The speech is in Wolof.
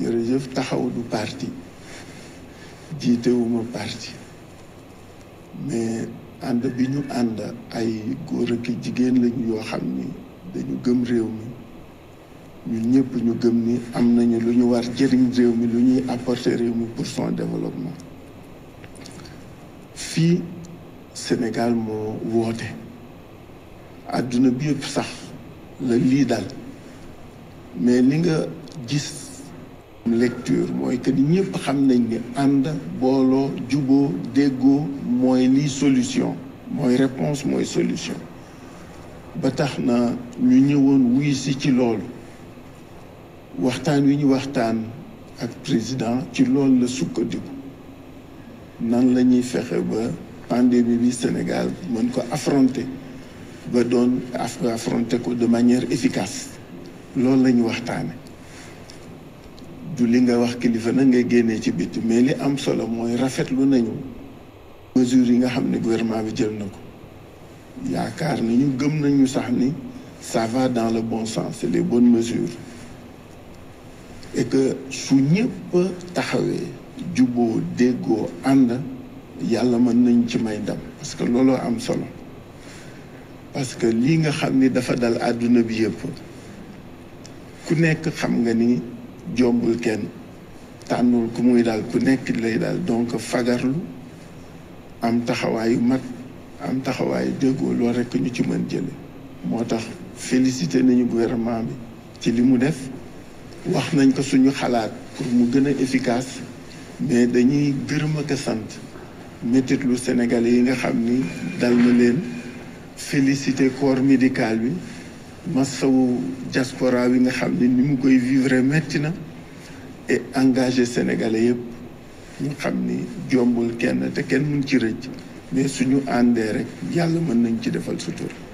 jërëjëf taxaw du parti jiitewuma parti mais ànd bi ñu ànd ay góor ak jigéen lañu yoo xam ni dañu gëm réew mi ñun ñëpp ñu gëm ni am nañu lu ñu war jëriñ réew mi lu ñuy apporter réew mi pour son développement fii Sénégal moo woote àdduna bi yëpp sax la lii dal mais li nga gis lecture moy que ñepp xam nañ ni and solution moy réponse moy solution ba ñu ñewon wuy ci lool waxtaan wi ñu waxtaan ak président ci nan la ba pandémie bi Sénégal mën ko affronter ba doon affronter ko de manière efficace lool li nga wax kilifa nag ngay génnee ci bitti mais li am solo mooy rafetlu nañu mesures yi nga xam ne gouvernement bi jël na ko yaakaar nañu gëm nañu sax ni ça va dans le bon sens c'est les bonnes mesures et que su ñëpp taxawee juboo déggoo ànd yàlla mën nañ ci may dam parce que looloo am solo parce que lii nga xam ni dafa dal àdduna bi yëpp ku nekk xam nga ni jombul kenn tànnul ku muy daal ku nekk lay daal donc fagarlu am taxawaayu mag am taxawaayu déggoo loolu rekk ñu ci mën jële moo tax félicité nañu gouvernement bi ci li mu def wax nañ ko suñu xalaat pour mu gën a efficace mais dañuy gërëm ak a sant métit lu yi nga xam ni dal na leen félicité corps médical bi masawu diaspora bi nga xam ne ni mu koy vivre metti na engage engagé sénégalais yëpp ñu xam ni jombul kenn te kenn mun ci rëcc mais suñu àndee rek yàlla mën nañ ci defal sutura